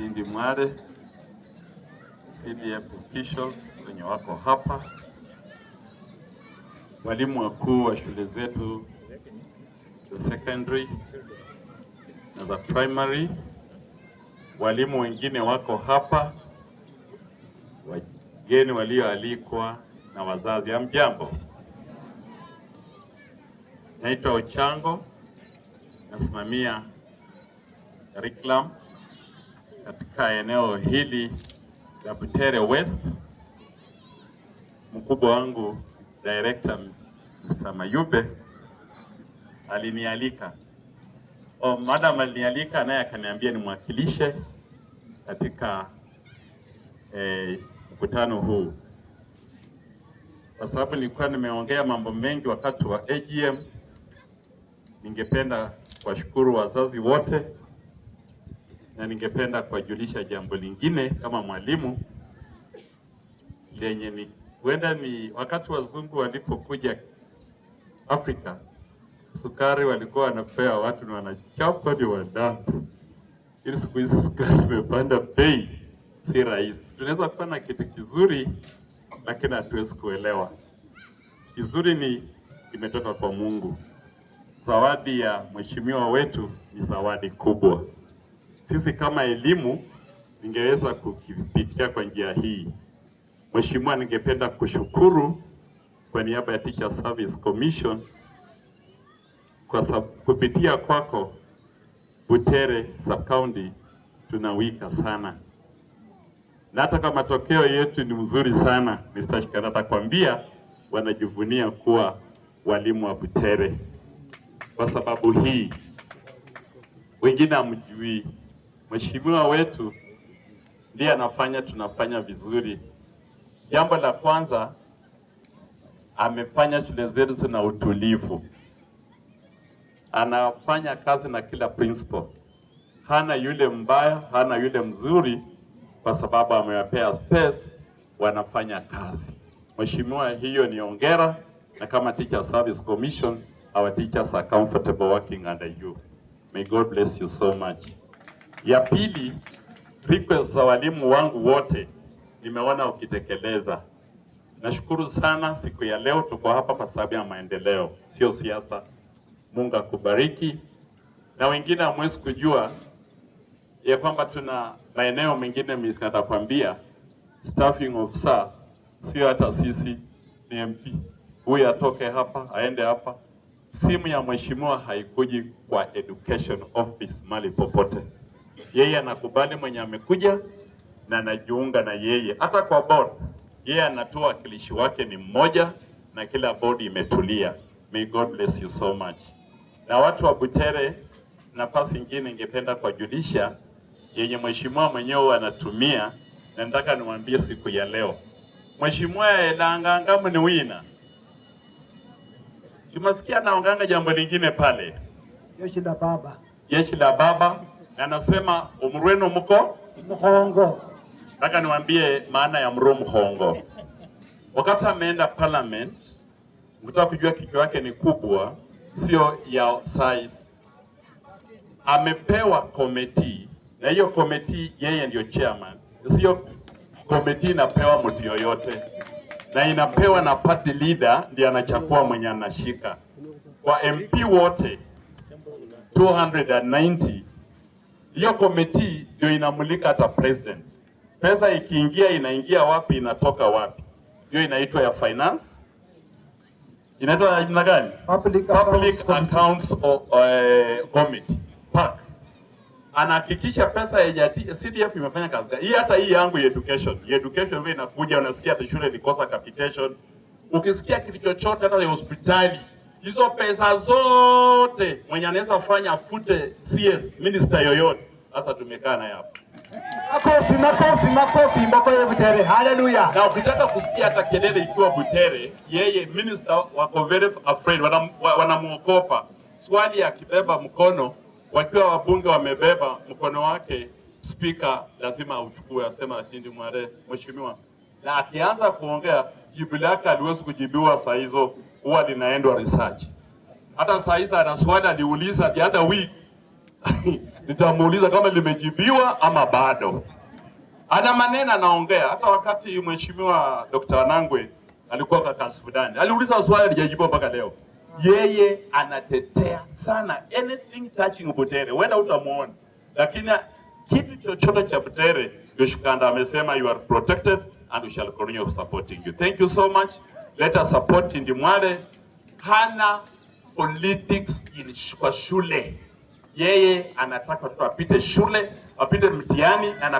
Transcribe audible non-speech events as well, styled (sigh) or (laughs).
Ndindi Mwale, CDF officials wenye wako hapa, walimu wakuu wa shule zetu za secondary na za primary, walimu wengine wako hapa, wageni walioalikwa na wazazi. Hamjambo, naitwa Ochango, nasimamia curriculum katika eneo hili la Butere West. Mkubwa wangu director Mr. Mayube alinialika o, madam alinialika naye akaniambia nimwakilishe katika eh, mkutano huu kwa sababu nilikuwa nimeongea mambo mengi wakati wa AGM. Ningependa kuwashukuru wazazi wote na ningependa kuwajulisha jambo lingine kama mwalimu lenye ni huenda ni wakati wazungu walipokuja Afrika, sukari walikuwa wanapea watu ni wanachapa ni wadaku, ili siku hizi sukari imepanda bei, si rahisi. Tunaweza kuwa na kitu kizuri, lakini hatuwezi kuelewa kizuri. Ni imetoka kwa Mungu. Zawadi ya mheshimiwa wetu ni zawadi kubwa sisi kama elimu ningeweza kukipitia kwa njia hii. Mheshimiwa, ningependa kushukuru kwa niaba ya Teacher Service Commission kwa sab kupitia kwako Butere sub county tunawika sana, na hata kama matokeo yetu ni mzuri sana, Mr. Shikana atakwambia wanajivunia kuwa walimu wa Butere kwa sababu hii, wengine hamjui Mheshimiwa wetu ndiye anafanya tunafanya vizuri. Jambo la kwanza amefanya shule zetu na utulivu, anafanya kazi na kila principal, hana yule mbaya, hana yule mzuri, kwa sababu amewapea space, wanafanya kazi. Mheshimiwa, hiyo ni ongera, na kama Teacher Service Commission, our teachers are comfortable working under you. May God bless you so much. Ya pili, request za walimu wangu wote nimeona ukitekeleza. Nashukuru sana siku ya leo, tuko hapa kwa sababu ya maendeleo, sio siasa. Mungu akubariki. Na wengine hamwezi kujua ya kwamba tuna maeneo mengine nitakwambia, staffing officer sio hata sisi, ni MP. Huyu atoke hapa aende hapa. Simu ya mheshimiwa haikuji kwa education office mali popote yeye anakubali mwenye amekuja na anajiunga na yeye. Hata kwa board yeye anatoa wakilishi wake ni mmoja, na kila board imetulia. May God bless you so much. Na watu wa Butere, nafasi nyingine ningependa kuwajulisha yenye mheshimiwa mwenyewe anatumia, na nataka niwaambie siku ya leo mheshimiwa elangangamu ni wina tumesikia jambo lingine pale jeshi la baba jeshi la baba anasema nasema mko mhongo. Nataka niwaambie maana ya mru mhongo. Wakati ameenda parliament, mkitaka kujua kichwa yake ni kubwa, sio ya size. Amepewa committee na hiyo committee yeye ndio chairman, sio committee inapewa mtu yoyote, na inapewa na party leader, ndiye anachakua mwenye anashika kwa MP wote 290 hiyo komiti ndio inamulika hata president. Pesa ikiingia inaingia wapi, inatoka wapi? Hiyo inaitwa ya finance, inaitwa namna gani? Public, Public Accounts Committee eh, PAC anahakikisha pesa ya CDF imefanya kazi gani. Hii hata hii yangu ya education, ya education vile inakuja, unasikia hata shule ilikosa capitation, ukisikia kitu chochote hata hospitali hizo pesa zote mwenye anaweza fanya fute CS minister yoyote. Sasa tumekaa naye hapa, makofi makofi makofi ya Butere, haleluya. Na ukitaka kusikia hata kelele ikiwa Butere, yeye minister wako very afraid, wanamuogopa wana swali, akibeba mkono wakiwa wabunge wamebeba mkono wake, spika lazima auchukue, asema atindi mware, mheshimiwa, na akianza kuongea jibu lake aliwezi kujibiwa saa hizo, huwa linaendwa research. Hata saa hizo ana swali aliuliza the other week (laughs) nitamuuliza kama limejibiwa ama bado. Ana maneno anaongea. Hata wakati mheshimiwa Dr. Wanangwe alikuwa kwa kasi fulani, aliuliza swali alijajibiwa mpaka leo. Yeye anatetea sana anything touching Butere, wenda utamuona, lakini kitu chochote cha Butere, Yoshikanda amesema you are protected and we shall continue supporting you. Thank you so much. Let us support Ndimwale. Hana politics in kwa shule, yeye anataka watoto apite shule, apite mtihani, ana